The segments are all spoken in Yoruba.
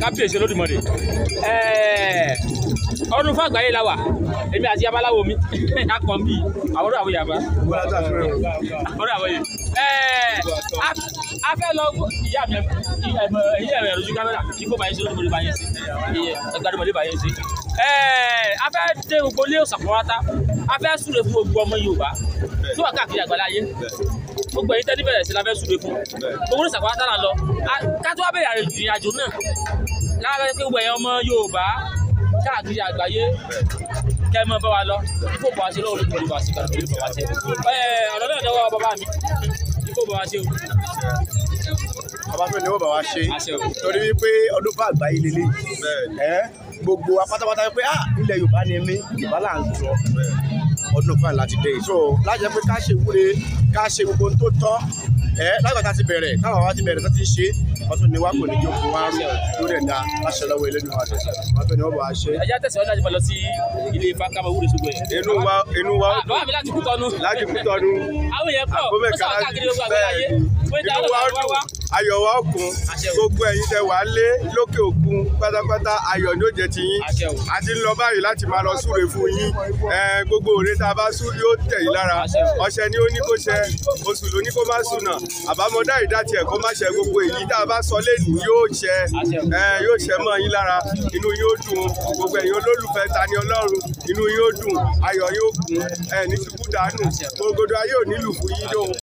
kábíyèsí olódùmarè ọdún fún àgbáyé la wà èmi àti yabaláwo mi akọ mi àwọn àwọn yaba ọdún àwọn yẹn a fẹ́ lọ ìyá mi ìyá mi ẹ̀rọ ju kámẹ́rà kí kó báyìí sí olódùmarè báyìí sí ẹgbàdùmọ̀lé báyìí sí a fẹ́ dé gbogbo ilé òsàpọ̀ wáta a fẹ́ súre fún gbogbo ọmọ Yorùbá tó wà káàkiri àgbàlá yé gbogbo ẹ̀yin tẹ́lẹ̀ bẹ̀rẹ̀ sí la fẹ́ súre fún gbogbo ní sàkóyá tààlà lọ ká tó wá bẹ̀rẹ̀ ìrìn àjò náà lára pé gbogbo ẹ̀yin ọmọ Yorùbá káàkiri àgbáyé kẹ́ mọ́ bá wa lọ ifo bọ̀ wá sí lọ́wọ́ olùkọ́ olùkọ́ àti ìgbàlódé bọ̀ wá sí ọ̀rọ̀ náà dọ́wọ́ bàbá mi ifo bọ̀ wá sí o. bàbá mi ni wọ́n bá wa ṣe torí wípé ọdún fún àgbáyé lélẹ̀ gbogbo apátápátá wípé ah ilẹ̀ Yorùbá ni mí Yorùbá là ń sọ ọdún kan láti dé yìí so láti jẹ́ pé ká ṣe wúre ká ṣe gbogbo ohun tó tọ́ ẹ lágbàtà ti bẹ̀rẹ̀ táwọn àwọn ti bẹ̀rẹ̀ tó ti ṣe wọ́n tún ní wá kò ní jókòó wá rú lórí ẹ̀dá láṣẹ lọ́wọ́ ẹlẹ́nu wa wọ́n fẹ́ ni wọ́n bọ̀ á ṣe. ẹja tẹ̀síwájú láti máa lọ sí ilé ifá kábọ̀ wúre ṣùgbọ́n inú wa inú wa dùn bàbá mi láti kú tọ́nu. láti kú tọ́nu. àwọn èèyàn pọ̀ inú wa dùn ayọ̀ wa kún gbogbo ẹ̀yin tẹ wà lé lókè òkun pátápátá ayọ̀ ní òjẹ́ ti yín àti lọ báyìí láti máa lọ súre fún yín gbogbo òre tá a bá sú yóò tẹ̀ yín lára ọ̀sẹ̀ ni ó ní kó ṣe oṣù ló ní kó má sùn náà àbámọ́dá ìdá tiẹ̀ kó má ṣe gbogbo èyí tá a bá sọ lẹ́nu yóò ṣẹ yóò ṣẹ mọ́ yín lára inú yóò dùn gbogbo ẹ̀yin olólùfẹ́ Tani Olohun inú yóò dùn ayọ̀ yóò kún ẹ̀ ní ṣubú dànù gbogbo ayé ò nílùú fún yín lóhun.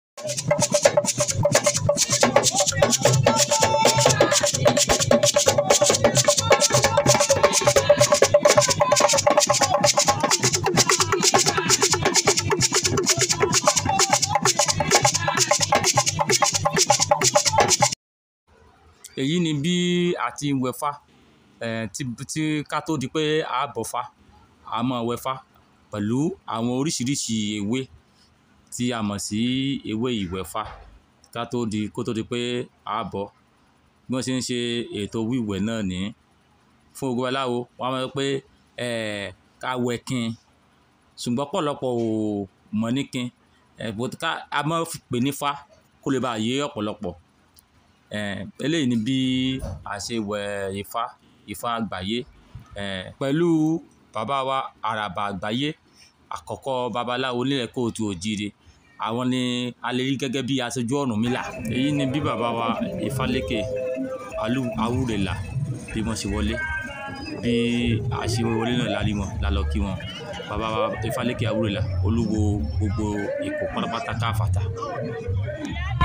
èyí ni bí àti wẹ̀fà tí tí ká tó di pé a bọ̀fà a máa wẹ̀fà pẹ̀lú àwọn oríṣiríṣi ewé tí a mọ̀ sí ewé ìwẹ̀fà ká tó di kó tó di pé a bọ̀ bí wọ́n ṣe ń ṣe ètò wíwẹ̀ náà ní fún ogun aláwo wọ́n á máa pé ká wẹ̀ kin ṣùgbọ́n pọ̀lọpọ̀ ò mọ̀ ní kin a máa pè ní fa kó lè bá yé ọ̀pọ̀lọpọ̀ Ehn, eléyìí ni bí a ṣe wẹ Ifá, Ifá àgbáyé, ehn, pẹ̀lú bàbá wa Àràbà àgbáyé, àkọ́kọ́ babaláwo nílẹ̀ Kóòtu òjìire. Àwọn ni a lè rí gẹ́gẹ́ bí aṣojú Ọ̀rúnmìlà. Èyí ni bí bàbá wa Ifáléke Awúrelà bí wọ́n ṣe wọlé. Bí a ṣe wọlé náà la rí wọn, la lọ kí wọn. Bàbá wa Ifáléke Awúrelà, olúwo gbogbo Èkó pátápátá káfàtà.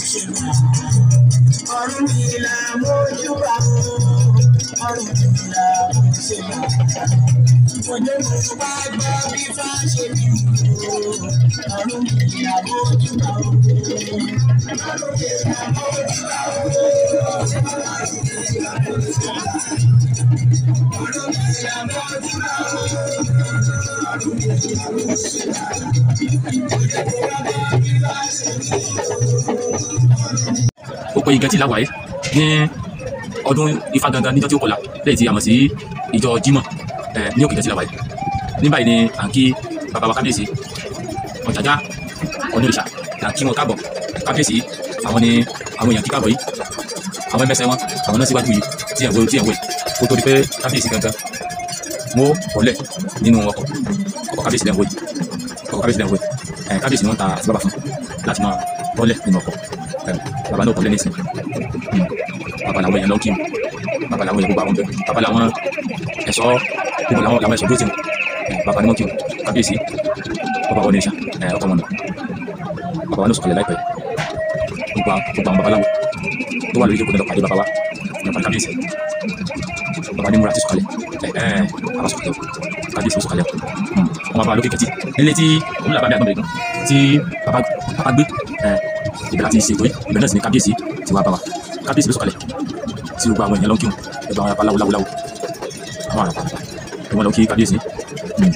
ọ̀run ìlà mójú bá mú ọ̀run ìlà mójú bá mú òjò mo wá gbọ́ bí fáṣẹ mi ò ọ̀run ìlà mójú bá mú ọ̀run ìlà mójú bá mú ọ̀run ìlà mójú bá mú ọ̀run ìlà mójú bá mú ọ̀run ìlà mójú bá mú òjò mo wá gbọ́ bí ó pe ìgẹ́tì láwàáyé ní ọdún ifá gangan níjọ́ tí ó kọlà lẹ́yìn tí a mọ̀ sí ìjọ Jímọ̀ ní òkè ìgẹ́tì láwàáyé ní báyìí ni à ń kí bàbá wa kábíyèsí ọ̀jàjá onírìṣà là ń kí wọn káàbọ̀ kábíyèsí àwọn ni àwọn èèyàn kí káàbọ̀ yìí àwọn ẹmẹsẹ wọn àwọn náà síwájú yìí tí ẹ̀wọ̀ tí ẹ̀wọ̀ kó tó di pé kábíyèsí gangan wó wọlé nínú ọkọ̀ ọkọ̀ kábíyèsí lẹ́wọ̀ yìí ọkọ̀ kábíyèsí lẹ́wọ̀ yìí kábíyèsí ni wọ́n ta àti fún láti máa Oleh lima ko. Bàbá náà kò lé nísìn. Bàbá làwọn èèyàn lọ kí mi. Bàbá làwọn èèyàn gbogbo àwọn bẹ̀. Bàbá làwọn ẹ̀ṣọ́ gbogbo làwọn làwọn ẹ̀ṣọ́ dúró tì mí. Bàbá ni wọ́n kí mi. Kábíyèsí. Bàbá wọn ní ìṣà. Ọkọ wọn nù. Bàbá wa ló sọ̀kalẹ̀ láìpẹ́. Gbogbo àwọn babaláwo tó wà lórí ìjókòó náà pàdé bàbá wa. Bàbá kábíyèsí. Bàbá ni múra eh, eh. hmm. ti sọ̀kalẹ̀. Bàbá sọ̀kalẹ̀ kábíyèsí ló sọ̀kalẹ̀. Wọ́n bá lókè kẹtì. Nílé tí òun làbá mi àgbọ̀n ibẹ̀ láti ṣe ètò yìí ibẹ̀ náà sì ni kábíyèsí ti wá bá wa kábíyèsí ló sọ̀kalẹ̀ tí gbogbo àwọn èèyàn lọ ń kírun ẹgbẹ́ àwọn abaláwo láwo láwo àwọn àràpà ni wọ́n lọ kí kábíyèsí hmm.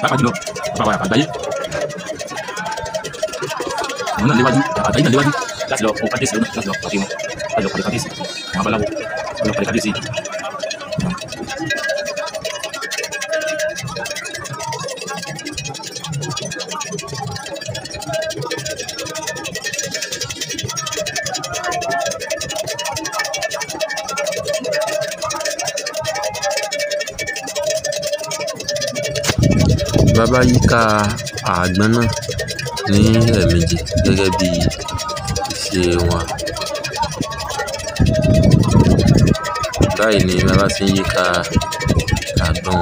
pàápàá jùlọ bàbá àwọn àràpà àgbáyé àwọn náà léwájú àgbáyé náà léwájú láti lọ kó kábíyèsí lọ́nà láti lọ pàdé wọn láti lọ pàdé kábíyèsí àwọn abaláwo lọ pàdé kábíyèsí bá yíká àgbọn náà ní ẹ̀ẹ̀mejì gẹ́gẹ́ bí ìṣe wọn. Báyìí ni bí a bá ti ń yíká àgbọn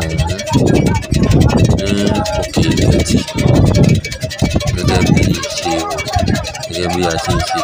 ọ̀hún ní òkè ìrètí gẹ́gẹ́ bí ìṣe wọn, gẹ́gẹ́ bí a ti ń ṣe.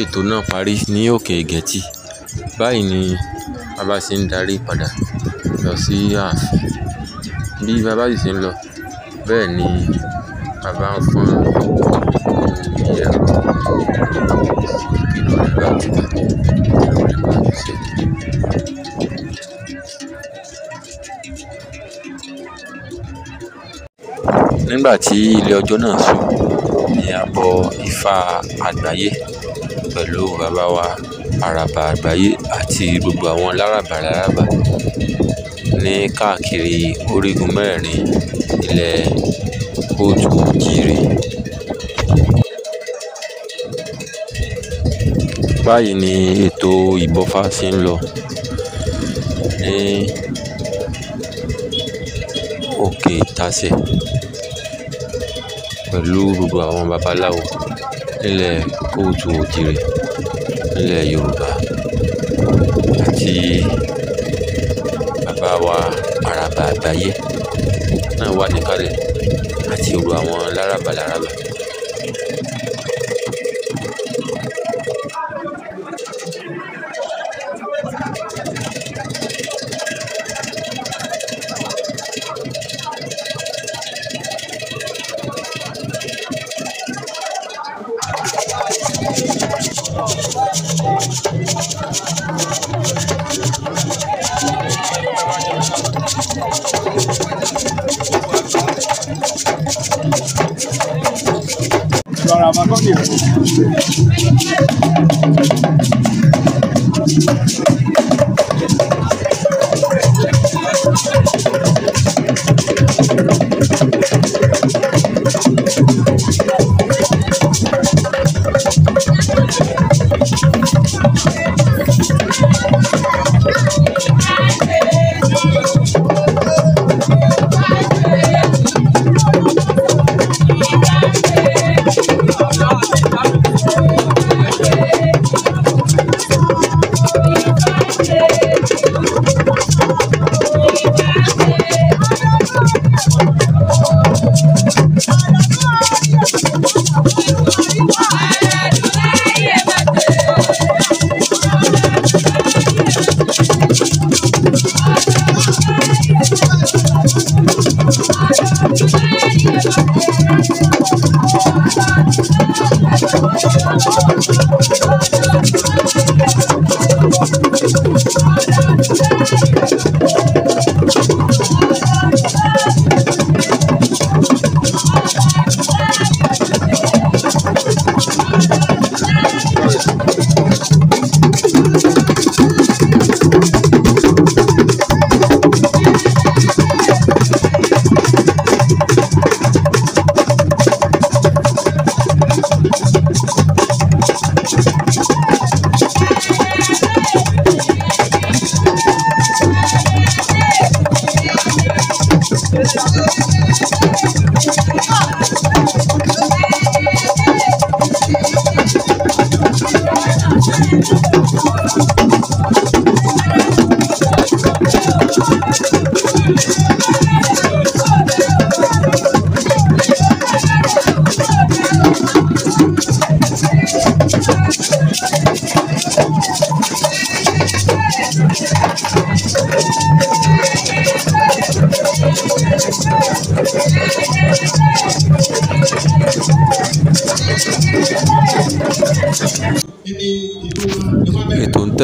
ètò náà parí ní òkè ìgẹ́tì báyìí ni bàbá ṣe ń darí padà lọ sí ààfin bí bàbá yìí ṣe ń lọ bẹ́ẹ̀ ni bàbá ń fọn ohun ẹ̀rọ ìkìlọ̀ nígbà tí bàbá ṣe. nígbà tí ilé ọjọ́ náà sùn ni a bọ Ifá àgbáyé pẹ̀lú bàbá wa àràbà àgbáyé àti gbogbo àwọn láràbaràràbà ní káàkiri orígun mẹ́rẹ̀ẹ̀rin ilẹ̀ kóòtù òjíire báyìí ni ètò ìbọfá ṣe ń lọ ní òkè ìtàsẹ̀ pẹ̀lú gbogbo àwọn babaláwo nílẹ̀ kóòtù òjìrì nílẹ̀ yorùbá àti bàbá wa àràbà àgbáyé náà wà níkàlẹ̀ àti òru àwọn láràbà láràbà família. Thank you.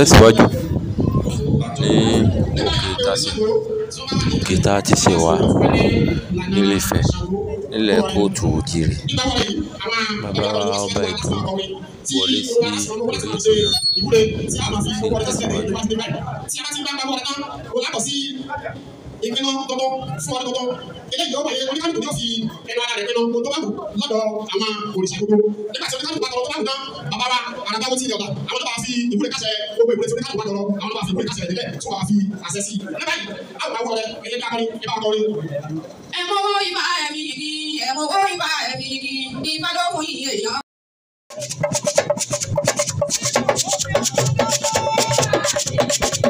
tẹ̀síwájú ní òkè tàṣe òkè tá a ti ṣe wá nílé Ifẹ̀ nílẹ̀ kóòtù òjìrì bàbá ọba Ìdó wọlé sí orílẹ̀-èdè náà àti ṣe tẹ̀síwájú èmi náà tọ́tọ́ fún ọdún tọ́tọ́ eléyìí ọmọ yẹn oníkàlù kò fi ẹnu ara rẹ̀ pẹ́nu kó tó bá wù lọ́dọ̀ àwọn òrìṣà gbogbo nígbà tí oníkàlù bá tọrọ tó bá wù náà bàbá wa ti yọ̀gà àwọn tó bá fi ìwúre kásẹ̀ gbogbo ìwúre tí oníkàlù bá tọrọ àwọn tó bá fi ìwúre kásẹ̀ nílẹ̀ tó bá fi àṣẹ sí Thank you.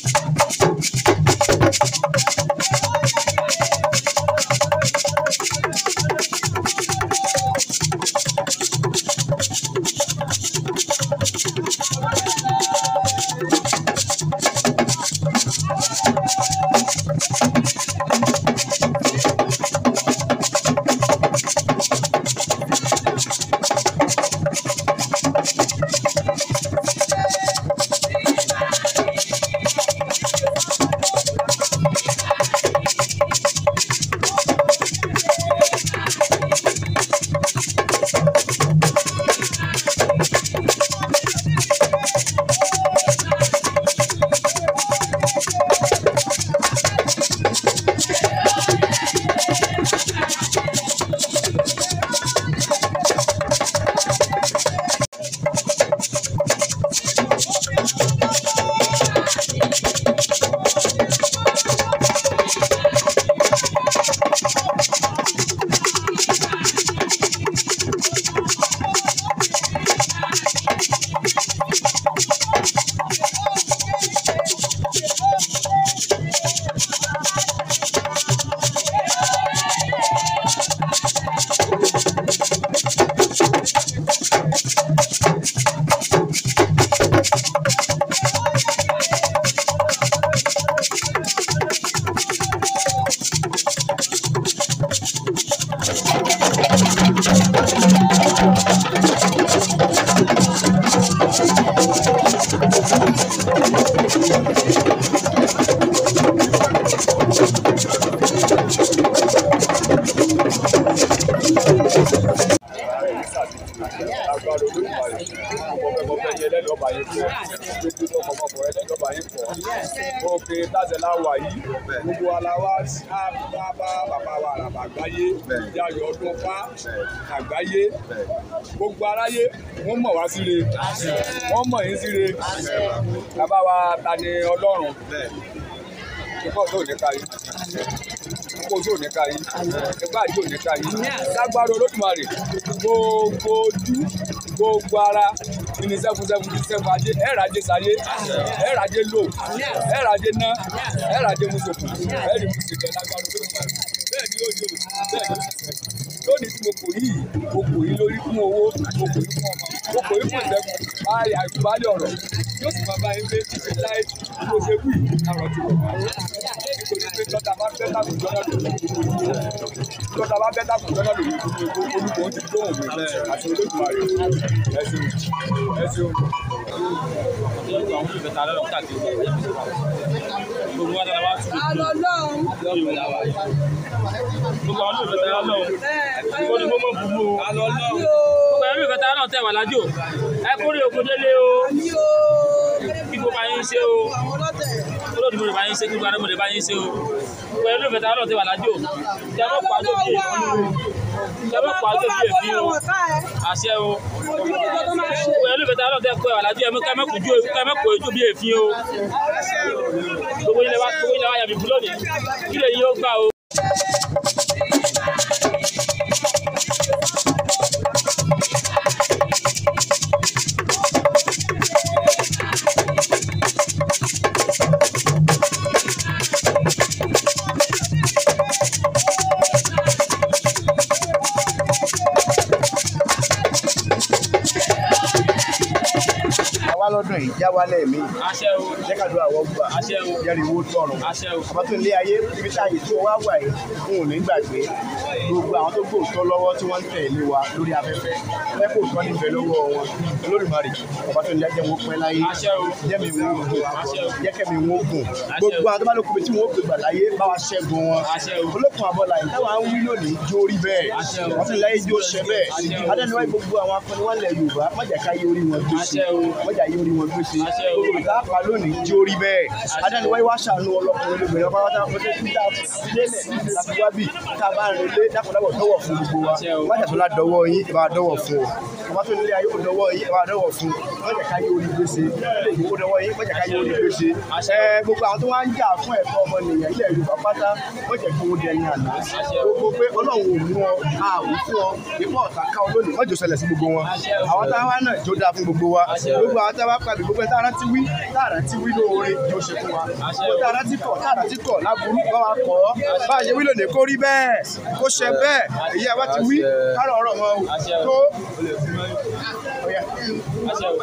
ayọ̀ ọdún ọfá àgbáyé gbogbo aráyé wọ́n mọ̀ wá síre wọ́n mọ̀ yín síre bàbá wa ta ni ọlọ́run nípa òjò nípa yìí nípa òjò nípa yìí nípa àjò nípa yìí lágbára olódùmarè gbogbo ojú gbogbo ara ní sẹ́fúnsẹ́fún ní sẹ́fún ajé ẹ̀ràjẹ sáyé ẹ̀ràjẹ lò ẹ̀ràjẹ ná ẹ̀ràjẹ mùsùlùmí ẹ̀rì mùsùlùmí lágbára olódùmarè bẹ́ẹ̀ ni ó yọ bẹ́ẹ̀ ni ó yọ kò yìí o kò yìí lórí fún owó o kò yìí fún ọmọ o kò yìí fún ìdẹ́kun báyìí àìkúbálẹ̀ ọ̀rọ̀ yóò sì máa bá yín pé títí láì kó ṣe wí àrọ̀ tí kò bá nítorí pé tọ́ta bá fẹ́ tàbí jọ́nà lòdì tọ́ta bá fẹ́ tàbí jọ́nà lòdì olùkọ́ ti tó òun àti olódùmarè ẹ ṣeun ẹ ṣeun olúwa dára wá tún lè tó gbogbo àwọn olùfẹ́ tẹ́lá lọ́wọ́ ó ní gbogbo bùbú o gbogbo àwọn olùfẹ́ tẹ́lá náà tẹ̀ wà lájò ẹ kórè òkú délé o kí gbogbo ayé ń ṣe o ni mo lè bá yín ṣe gbogbo ara mo lè bá yín ṣe o pẹ̀lú ìfẹ́ táwọn náà wà lájò kí pa tó bí èmi pa tó bí èmi o àṣẹ o pẹ̀lú ìfẹ́ táwọn náà kọ́ ẹ̀ lájò ẹ̀mú ojú bí èmi o gbogbo ilẹ̀ wa gbogbo ilẹ̀ wa kí lè yín ó gbà o. lọ́dún yìí já wálẹ̀ mi. jẹ́ ká dúró àwọn gbà jẹ́rìí owó tọrùn. àmọ́ tó ilé ayé ibi tá àyè tó wá wà yìí fún òní gbogbo àwọn tó gbòòtọ́ lọ́wọ́ tí wọ́n ń tẹ̀lé wa lórí afẹ́fẹ́ fẹ́ kò tọ́ níbẹ̀ lọ́wọ́ wọn olódùmarè Ọbásanjọ́ jẹ́ wọ́n pẹ́ láyé jẹ́ mi wọ́n gùn jẹ́ kẹ́ wọ́n gùn gbogbo àwọn tó bá lókun mi tí wọ́n gbé gbà láyé bá wa ṣẹ́gun wọn olókun àbọ̀là yìí táwa ń wí lónìí jó rí bẹ́ẹ̀ Ọbásanjọ́ láyé jó ṣẹ bẹ́ẹ̀ adẹ́nuwáyé gbogbo àwọn akọni wọn lẹ̀ Yorùbá mọ̀jà ká yé orí wọn gbèsè mọ̀jà yé orí wọn gbèsè àtàkà lónìí jó rí bẹ́ẹ̀ adẹ́nuwáyé wá ṣàánú ọlọ́kùnrin lóbìnrin mọ̀jà káyé onígbé ṣe ilé ìgbòho dọwọ́ yín mọ̀jà káyé onígbé ṣe àṣẹ gbogbo àwọn tó wá ń jà fún ẹ̀tọ́ ọmọnìyàn ilẹ̀ Yorùbá pátá mọ̀jà kí wọ́n dẹni àná gbogbo pé Ọlọ́run ò mú ọ ààrùn fún ọ ipò ọ̀tá ká olóòlì mọ̀jọ ṣẹlẹ̀ sí gbogbo wọn àwọn táwa náà jó dáa fún gbogbo wa gbogbo àwọn táwa pàbí gbogbo tára ti wí tára ti wí lóore jó ṣe fún wa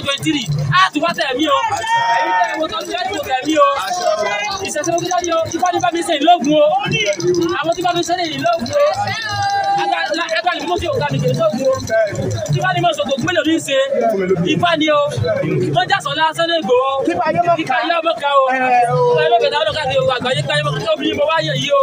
twenty twenty three á tún wá tẹ̀mí o èyí tẹ̀ mo tó ti láti mo tẹ̀mí o ìṣẹ̀ṣẹ̀ mo ti jáde o tipa nípa mi ṣe ìlógun o àwọn tipa mi ṣe ìlógun o agbára mi mo ṣe òkà mi kì í ṣógun o tipa ni mo ṣòkò gbélé mi ṣe ifá ni o mo jásọ lásán ní ìgbò o kíkà ilé ọmọ kan o ọmọ ìgbà táwọn ọlọ́kà ti wà gbàyé káyé mọ́ obìnrin mo wáyé yìí o.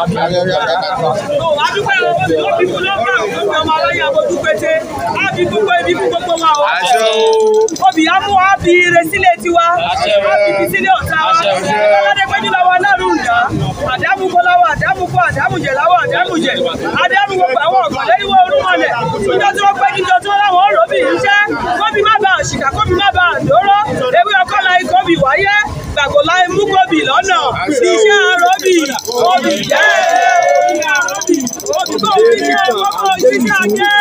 àdúgbò ẹ̀rọ ló fi fún lọ́kà fún ọmọ aláya abojú pété á fi gbogbo ibi fún gbogbo wa o. obì á mú á fi ire sílé tiwa á fi fi sílé ọ̀tá wa ọlọ́dẹ péjú lọ́wọ́ ọlọ́run ìdá àdámù kọ́láwọ́ àdámù kọ́ àdámù jẹ̀ láwọ́ àdámù jẹ̀ àdámù gbogbo àwọn ọ̀gbọ̀n lẹ́yìnwó orúmọlẹ̀ níjọ tí wọ́n pẹ́ níjọ tí wọ́n láwọn ọ̀rọ̀ bì í jẹ́ kóbi má bàa ṣìkà kóbi má bàa lóró ewé ọkọ́ la ikọ́ bì wáyé gbàgbọ́ la imú kóbi lọ́nà iṣẹ́ àròbì. Omi jẹ́ omi àrọ́bì. Omi tó fi jẹ́ gbogbo iṣẹ́ ajé.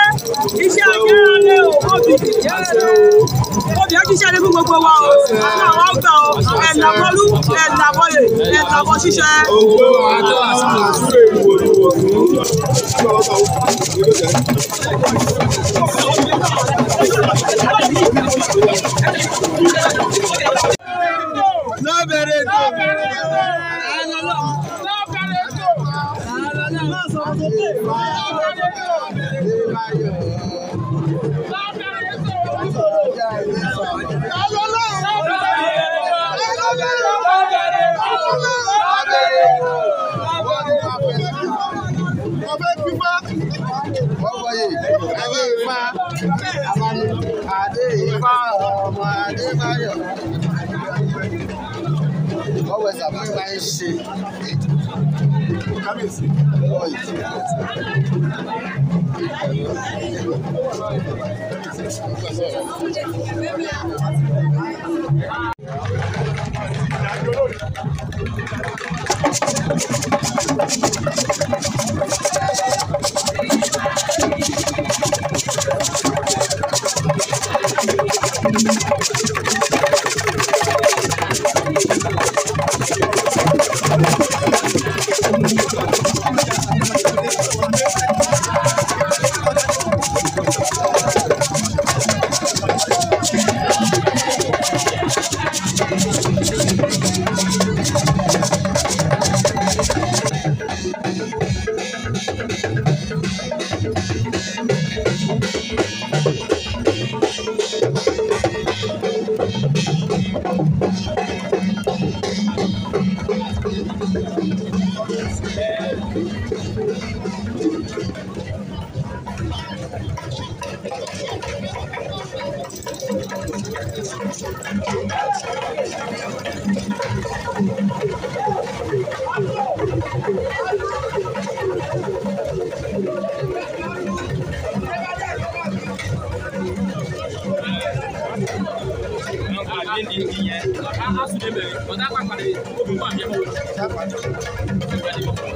Iṣẹ́ ajé alẹ́ o, omi ti jẹ́ rẹ̀. Omi ẹ kí iṣẹ́ ní fún gbogbo wa o. Ní àwọn ọgbà o, ẹ̀làbọ̀lú, ẹ̀làbọ̀lẹ̀, ẹ̀làbọ̀ ṣíṣẹ́. Òwe wa dá àṣà àṣùwẹ̀ ìwòlúwò fún. bá ń ṣe kábíyèsí ọ̀ ìtì Thank you.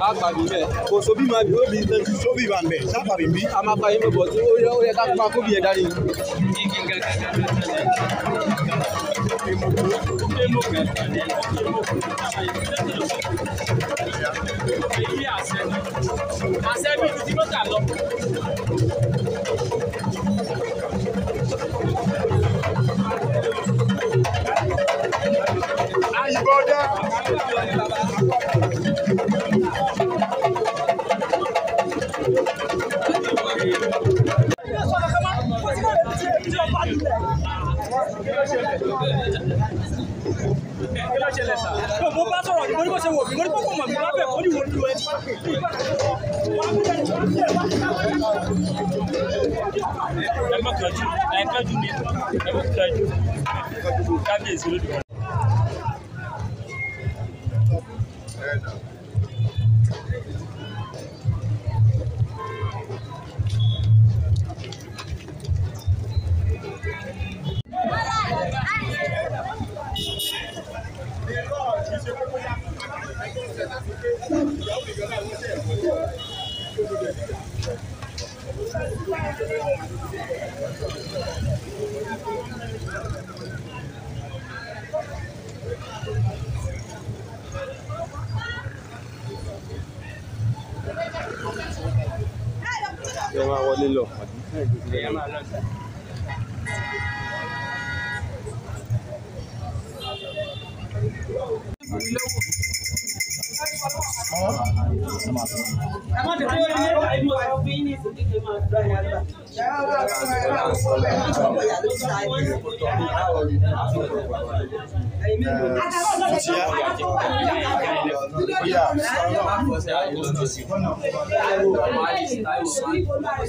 agbabi bẹ kò sobi ma bi obi tẹ ti sobi ma bẹ sábàbí bi. a ma pa yín bọ̀ tí ó yẹ ó yẹ ká pa kó bi yẹ dání. Thank you. àṣẹ bí ti ti mọ́tà lọ. É kábíyèsí lódì kan.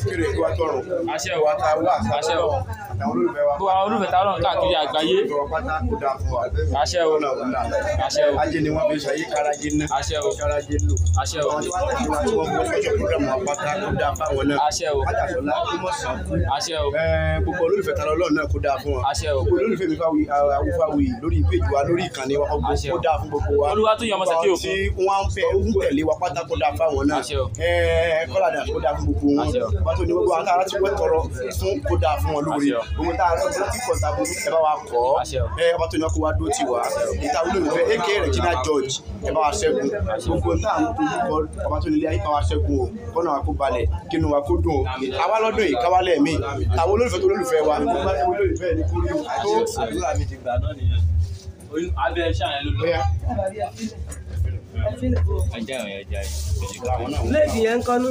kéré tó wá tọrùn àṣẹ wa ta wá àṣẹ wa gbogbo àwọn olùfẹ́ tá ọlọ́run káàkiri àgbáyé àṣẹ o àṣẹ o ajé ni wọ́n fi ṣe ayé karajé ná àṣẹ o karajé lò àṣẹ o àṣẹ o àṣẹ o gbogbo olùfẹ́ tá ọlọ́run náà kó dáa fún wa àṣẹ o gbogbo olùfẹ́ mi fáwọn awúfáwì lórí péjì wa lórí ìkànnì wa kó dáa fún gbogbo wa olúwa tó yọ ọmọ sàkíyò fún wọn ń fẹ́ ń tẹ̀lé wa pátá kó dáa fáwọn náà kọ́ládà kó dáa fún gbogbo wọn wọn tó ní gbogbo àwọn ará tí wọ́n tọrọ fún kó dáa fún wọn lórí ohun tá a rẹ bó kíkọ tàbí ẹ bá wa kọ ẹ ọba tó ní ọkọ wa dúró tì wá ìta wúlò ìfẹ́ aka regina george ẹ bá wa ṣẹ́gun gbogbo tá à ń dojúkọ ọba tó nílé ayé bá wa ṣẹ́gun o kọ́nà wa kó balẹ̀ kí inú wa kó dùn o àwa lọ́dún yìí káwa lẹ́ẹ̀mí àwọn olólùfẹ́ tó olólùfẹ́ wa olólùfẹ́ ní kúrú tó. àdúrà yẹn kọ́nú.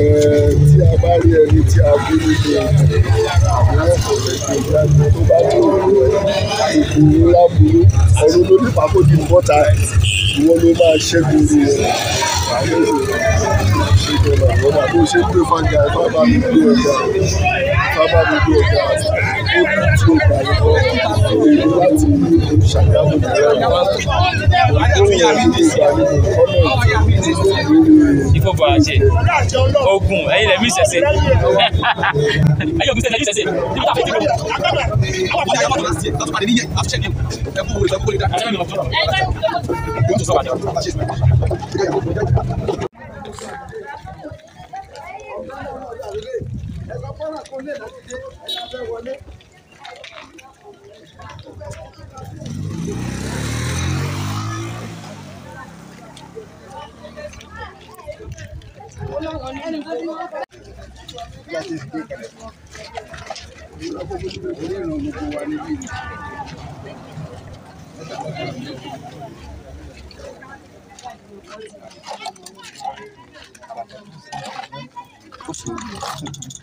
tí a bá rí ẹni tí a bí nínú àwọn ọ̀rẹ́gbẹ̀rẹ́ tó bá tó òwúrọ̀ ìgbòho ńlá burú ọ̀run ló pàkó di bọ́ta ìwọ ló máa ṣẹ́gun ìwọ àwọn sí dọ́là ọ̀nà tó ṣe ogun ẹ̀yin lẹ́mí ìṣẹ̀ṣẹ̀ ẹ̀yin tá a fẹ́ dìbò àwọn láti Thank you.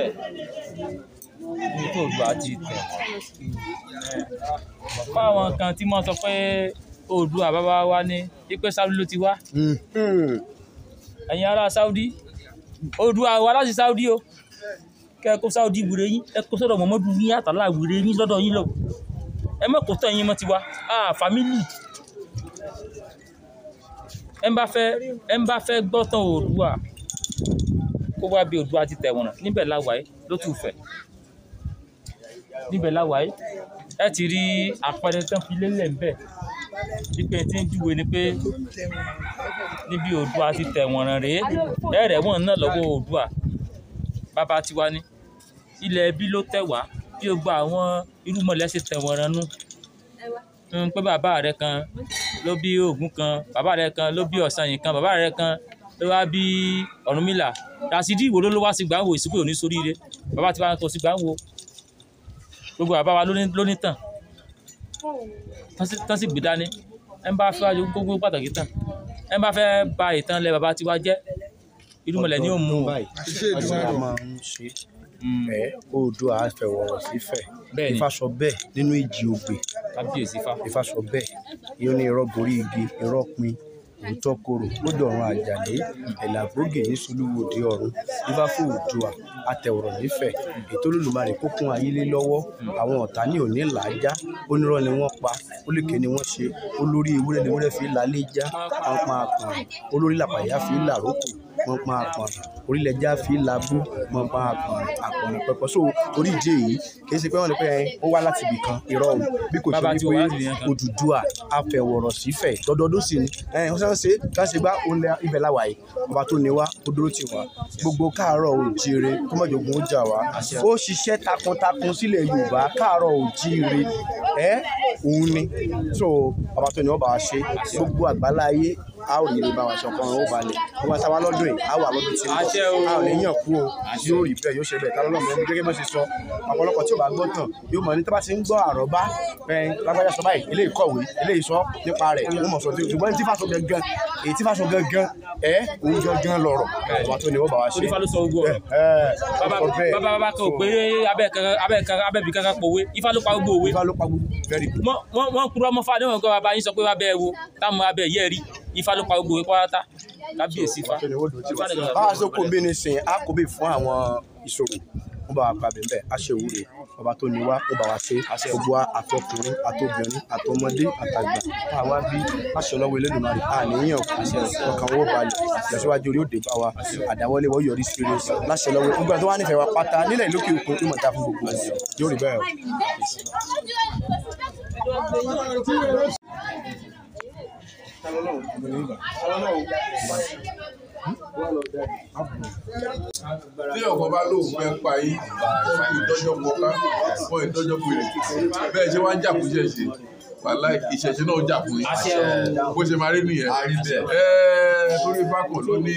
fẹ̀ ní tó gbà á ti tẹ̀. bàbá àwọn kan tí mo sọ pé oòdùà bàbá wa ní pípé sáúdí ló ti wá ẹ̀yin ará sáúdí oòdùà wa láti sáúdí o kẹ́ẹ̀kọ́ sáúdí wèrè yín ẹ̀kọ́ sọ̀rọ̀ mọ́mọ́dù yín àtàlà wèrè yín lọ́dọ̀ yín lọ ẹ mọ̀kò tán ẹ̀yin mọ́ ti wá fámílì ẹ̀ ń bá fẹ́ gbọ́ tán oòdùà kó wá bí Oòduà ti tẹ̀wọ̀n náà níbẹ̀ láwàáyé ló tù fẹ̀ níbẹ̀ láwàáyé ẹ ti rí àpẹẹrẹ tán fi lélẹ̀ ń bẹ̀ wípé tí ń júwe ni pé níbi Oòduà ti tẹ̀wọ̀n náà rèé ẹ̀rẹ̀ wọ̀n náà lọ́wọ́ Oòduà bàbá tiwa ni ilẹ̀ ẹbí ló tẹ̀ wá bí o gba àwọn irúmọlẹ̀ ṣe tẹ̀wọ̀n náà nù pé bàbá rẹ kan ló bí Ògún kan bàbá rẹ kan ló bí Ọ̀sanyìn kan bàbá rẹ kan ló wá bí Ọ̀rúnmìlà Rasidi ìwò ló ló wá sí gbàǹwò ìsìnkú òní sóríire bàbá ti wá kọ sí gbàǹwò gbogbo bàbá wa lóní tàn tán sì gbé dání ẹ ń bá fẹ́ wájú gbogbo pàtàkì tàn ẹ ń bá fẹ́ ba ìtàn lẹ bàbá tiwa jẹ́ irúmọlẹ̀ ni ó mú un. ọjọ́ ìwà máa ń ṣe ẹ odò àfẹwọ̀rọ̀ sífẹ̀ ifá bẹ́ẹ̀ nínú ìjì ògbè kábíyèsí bẹ́ẹ̀ yóò ní irọ́ gorí igi irọ́ pin òótọ́ korò ó dọ̀run àjàdé ẹ̀làbógè ní solúwòde ọ̀run ìbáfò òdùà àtẹ̀wọ̀rọ̀ nífẹ̀ẹ́ ètò olùlùmarè kó kún ayílé lọ́wọ́ àwọn ọ̀tá ní òní làájá onírọ́ ni wọ́n pa olùkẹ́ ni wọ́n ṣe olórí ewúrẹ́ ni ewúrẹ́ fi lálé já pàápàá olórí làpàyà fi làrókò mọ̀ọ́mọ̀ àkànràn orílẹ̀ jáfi labú mọ̀ọ́mọ̀ àkànràn àkànràn pẹ̀pọ̀ so orí ìdí èyí kì í ṣe pé wọ́n lè pẹ́ ó wá láti ibì kan irọ́ o bí kò ṣe wípé Odùduwà afẹ̀wọ̀rọ̀ sífẹ̀ dọ́dọ́dún sí ni ẹ̀hìn ọ̀sán ṣe ká ṣe gbá òun ibẹ̀ láwà yìí ọba tó ní wá ó dúró tì wá gbogbo káàárọ̀ òjíire kọ́mọ̀jọ̀gùn ó jà wá ó ṣiṣẹ́ takuntakun sílẹ̀ Yorùbá káàárọ̀ òjíire ẹ̀ òun ni so ọba tó ní ọba wa ṣe gbogbo àgbáláyé a ò ní lè bá wa ṣọkan ó balẹ̀ ó wá sáwá lọ́dún yìí a wà lọ́dún tí ń bọ̀ a ò ní yàn kú o yóò rí bẹ́ẹ̀ yóò ṣe bẹ́ẹ̀ tálọ́lọ́ mọ́ gẹ́gẹ́ bó ṣe sọ ọ̀pọ̀lọpọ̀ tí ò bá gbọ́ tàn yóò mọ̀ ní tó bá ti ń gbọ́ àròbá lágbájá sọ báyìí eléyìí kọ̀wé eléyìí sọ nípa rẹ̀ ó mọ̀ sọ ṣùgbọ́n tí fàṣọ gangan èyí tí fàṣọ gangan ẹ òun gangan lọ̀rọ̀ ọ̀tọ̀ tó ni ó bá wa ṣe. onífà ló sọ ogun ọ̀rọ̀ bàbá bàbá kan ò pé abẹ́bí kankan pòwe ifá ló pa gbogbo òwe ifá ló pa gbogbo very good. wọ́n kúrọ́ mọ́fà níwọ̀n kan bàbá yín sọ pé wàá bẹ́ẹ̀ wo táwọn abẹ́ yẹ́ rí ifá ló pa gbogbo ipá tá kábíyèsí fa. báwa ṣe kò bí ní sìn á kò bí fún àwọn ìṣòro wọn bá wa pàbẹ bẹ́ẹ̀ a ṣe ìwúre bàbá tó ní wá ó bá wa ṣe gbogbo àtọkùnrin àtobìnrin àtọmọdé àtàgbà àwa a aṣọlọwọ Elédùmarè àníyàn ọkàn owó balẹ̀ ìlọsíwájú orí òde bá wa àdáwọlé wọn yọrí sí eré láṣọlọwọ gbogbo àti wọn á nífẹ̀ẹ́ wa pátá nílẹ̀ lókè òkun ìmọ̀ ta fún gbogbo yóò rí bẹ́ẹ̀ o tí ọkọ bá lóun fẹ́ pa yín wọn kì í dọ́jọ́ pọ̀ ká wọn kì í dọ́jọ́ pọ̀ yìí bẹ́ẹ̀ ṣe wá ń jà kú ṣẹ̀ṣẹ̀ wàhálà ìṣẹ̀ṣẹ̀ náà jà kú yìí bó ṣe máa rí nìyẹn ẹ torí bákan ló ní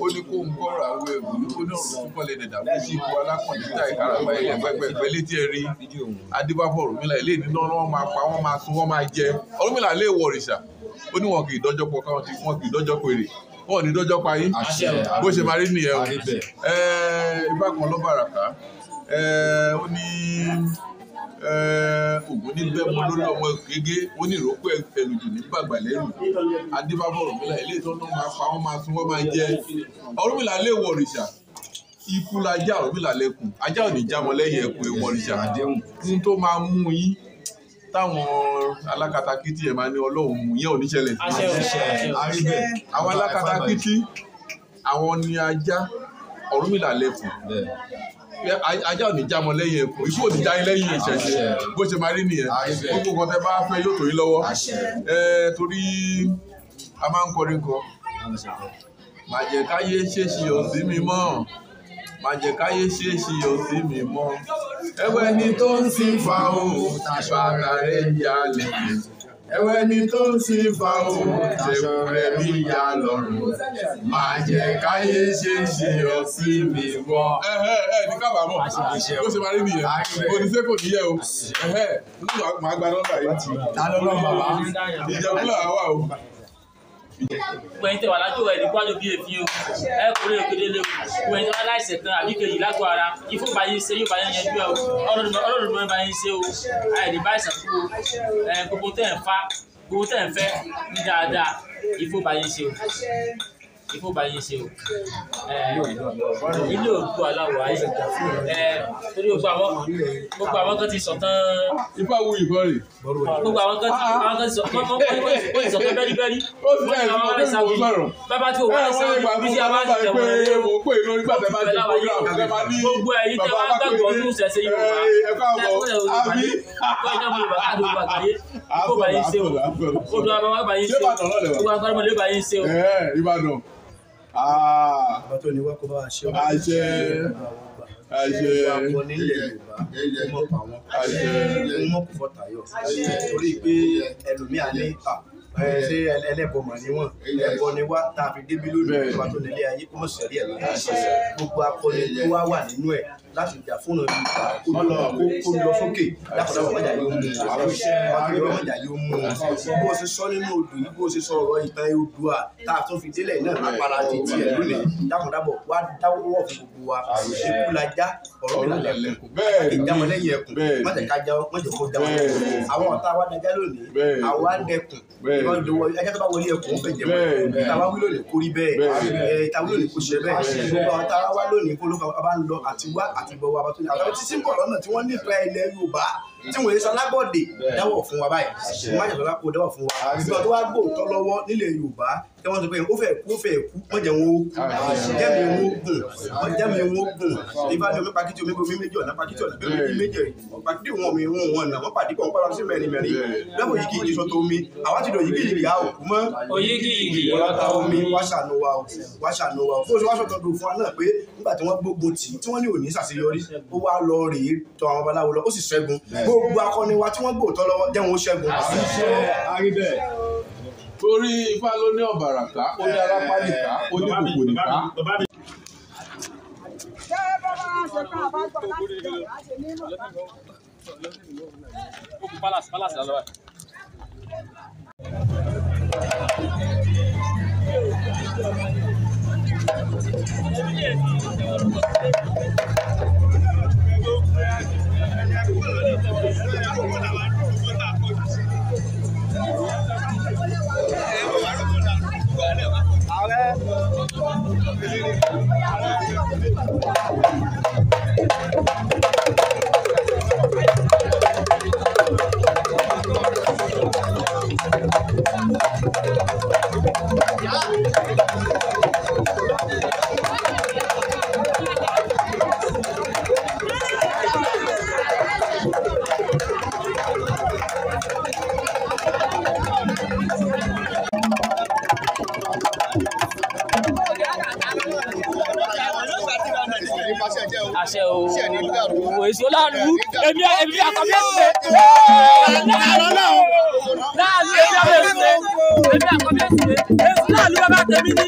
ó ní kó ń kọ́ra àwọn ẹrù ní kó ní ọ̀rọ̀ tó kọ́lé dẹ̀dà kó sí ipò alákọ̀ọ́dítà ìkarama ilẹ̀ pẹ́pẹ́pẹ́ létí ẹ̀rí adébábọ̀ ọ̀rọ̀mìlà ilé nínú ọ̀rọ̀ máa pa wọ́n máa sun wọ́n máa jẹ ọ̀rọ̀mìlà lè wọ̀ rìṣà ó ní wọn kì í dọ́jọ́ pọ̀ káwọn ti wọn kì í dọ́jọ́ péré wọn ò ní dọ́jọ́ pa yín bó ṣe máa rí nìyẹn o ìbákan lọ́bàràká ó ní Eh, ògùn nígbẹ̀mú ló lọ́mọ gégé oníròpọ̀ ẹlùjù ní gbàgbàlẹ́rù adébábọ̀rọ̀ mílà ilé tó náà máa pa wọ́n máa tún wọ́n máa jẹ́ Ọ̀rúnmìlà lè wọ òrìṣà ikú la já Ọ̀rúnmìlà lẹ́kùn ajá ò ní já wọn lẹ́yìn ẹ̀kú ewu òrìṣà àdéhùn ohun tó máa mú yín táwọn alákatakítí ẹ̀ máa ní ọlọ́run mú yẹn ò ní ṣẹlẹ̀ àríbẹ̀ àwọn alákatakítí àwọn ni ajá Ọ̀rúnmìlà lẹ́kùn ajá ò ní já mọ́ lẹ́yìn ẹ̀kọ́ ikú ò ní já yín lẹ́yìn ìṣẹ̀ṣe bó ṣe máa rí nìyẹn gbogbo nǹkan tẹ́ bá fẹ́ yóò tó yín lọ́wọ́ torí a máa ń kọrin kọ màjẹ̀káyé ṣèṣì òsì mi mọ́ màjẹ̀káyé ṣèṣì òsì mi mọ́ ẹgbẹ́ ni tó ń sin fa òun tàṣà àkàrẹ́ ìyá lẹ́yìn ẹ̀wẹ̀ ni tó ń sin fa òun ṣèwọ rẹ̀ bí ìyá lọ́rùn máa jẹ káyé ṣe ń ṣe ọtí mi wọ. ẹ ẹ ẹ ní kábàámọ̀ bó ṣe máa rí nìyẹn kò ní sẹ́kò níyẹn o ẹ ẹ màá gba nọ́mbà yìí. ta ló lọ bàbá ìjọba làwọn wà o gbẹ̀yìn tẹ̀wà lájú ẹ̀ ní gbájú bí èfi o ẹ kò lè kéde lé o gbẹ̀yìn tẹ̀wà láìsẹ̀ kan àbí kejì lágbo ara ifún bá yín ṣe yóò bá yín yanjú ẹ o ọlọ́run mọ́ bá yín ṣe o àìní bá ìsàn kú o gbogbo tẹ̀ ń fa gbogbo tẹ̀ ń fẹ́ ní dáadáa ifún bá yín ṣe o ikú bá yín ṣe o ilé òkú aláwọ̀ ayé torí gbogbo àwọn gbogbo àwọn kan ti sọ tán. ipa wu ìbọn rè. gbogbo àwọn kan ti ah, ah. àwọn kan ti sọ tán wọ́n kọ́ ìsọ̀ tán bẹ́rìbẹ́rì wọ́n ní àwọn ẹ̀sà wí bàbá tí o bá ẹ̀sà wí bí tí a bá ti tẹ̀wọ́ rẹ̀ mo pè é lórí gbàtẹ́ bá jẹ program gbogbo ẹ̀yin tẹ́ bá gbàgbọ́ ní ìṣẹ̀ṣẹ̀ Yorùbá tẹ́kọ̀ọ́ ìjọba ìbàdàn lọ́lẹ̀ wa bàtọ́ ah. ni wá bá wa ṣe ọmọ àṣẹ àṣẹ ọmọ nílẹ̀ Yorùbá ọmọ àṣẹ ọmọ kò fọ́ tayọ torí pé ẹlòmíà ní ìta ṣé ẹlẹ́bọ̀ mọ̀ ni wọ́n ẹ̀bọ̀ ni wa tá a fi débi lónìí ìgbà tó nílé ayé kó mọ̀ sẹ́rí ẹ̀ gbogbo akọni tó wá wà nínú ẹ̀ láti jà fún ọ̀nà Yorùbá kó lọ sókè lákọ̀dá ọ̀pọ̀jà yóò mú un ọ̀pọ̀jà yóò mú un bó ṣe sọ nínú odò yìí bó ṣe sọ ọ̀rọ̀ ìtàn Oòduà tá a tún fi délẹ̀ náà lápára ti tiẹ̀ lónìí dákọ̀dábọ̀ wá dáwọ́ fún gbogbo wa ṣekú la já ọ̀rọ̀ mi lálẹ́ ìjámọ̀lẹ́yìn ẹkùn mọ̀jẹ̀kájá mọ̀jẹ̀kó jáwọ́ àwọn ọ̀tá wa dájá lónìí àwa dẹkùn ẹjẹ́ tó bá wọlé ẹkùn ó fẹ̀ jẹ́ mọ́ ìtawá wílò lè kórí bẹ́ẹ̀ ìtawá wílò lè kó ṣe bẹ́ẹ̀ gbogbo àwọn wá lónìí kó ló bá àti ìbọ̀wọ̀ àbátúnyà àtàwọn títí ń bọ̀ lọ́nà tí wọ́n nífẹ̀ẹ́ ilẹ̀ Yorùbá tí wọ́n yé sọ alábọ̀dé dáwọ̀ fún wa báyìí májèlé ọlá kó dáwọ̀ fún wa ìgbà tó wá gbò tọ́ lọ́wọ́ nílẹ̀ Yorùbá kí wọ́n sọ pé ó fẹ́ kú ó fẹ́ kú wọ́n jẹ́ wọn ó kú jẹ́mi wọn ó gùn wọ́n jẹ́mi wọn ó gùn ìbá omi pakiti omi omi méjì ọ̀nà pakiti ọ̀nà pé omi méjì pakiti wọn mi wọn wọn nà wọ́n pàdé pọ̀ nípa lọ́sí mẹ́rin mẹ́rin lẹ́wọ̀ yìí kì í ti dọ̀ omi gbogbo akọni wa tí wọ́n gbòòtọ́ lọ́wọ́ jẹ́ wọn ó ṣẹ́gun. àṣìṣe àríbẹ̀ torí ifá ló ní ọ̀bàràká ó ní alápálìká ó ní kòkò nìká. ṣé Thank you ààrẹ. òwò èsì ọlọ́run èmi èmi àkọ́bí ẹ̀sìn láàánú láàánú èmi àkọ́bí ẹ̀sìn èmi àkọ́bí ẹ̀sìn èsì láàánú bàbá tèmi ní.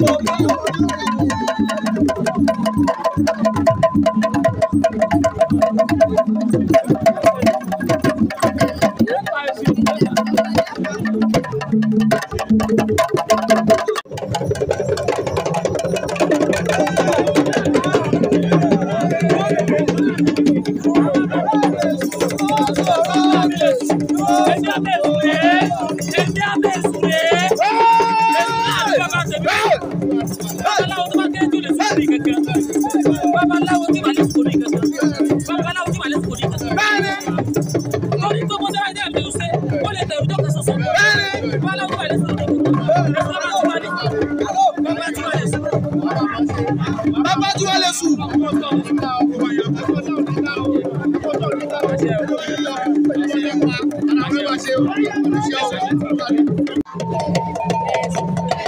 Thank you. Thank you.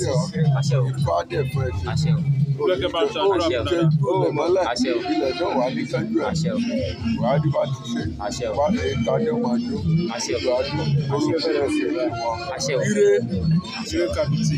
tì ọ́ ìfá dẹ̀ fún ẹ ṣe olùdíje gbólẹ̀ mọ́lẹ̀ ilẹ̀ náà wà ní kánjú ẹ̀ wà á dìbò àtúnṣe wà á lè ta ní ọmọ àjò ìlú àjò olùdíje ẹ̀ ṣe wọn. ire ire kàbìtì.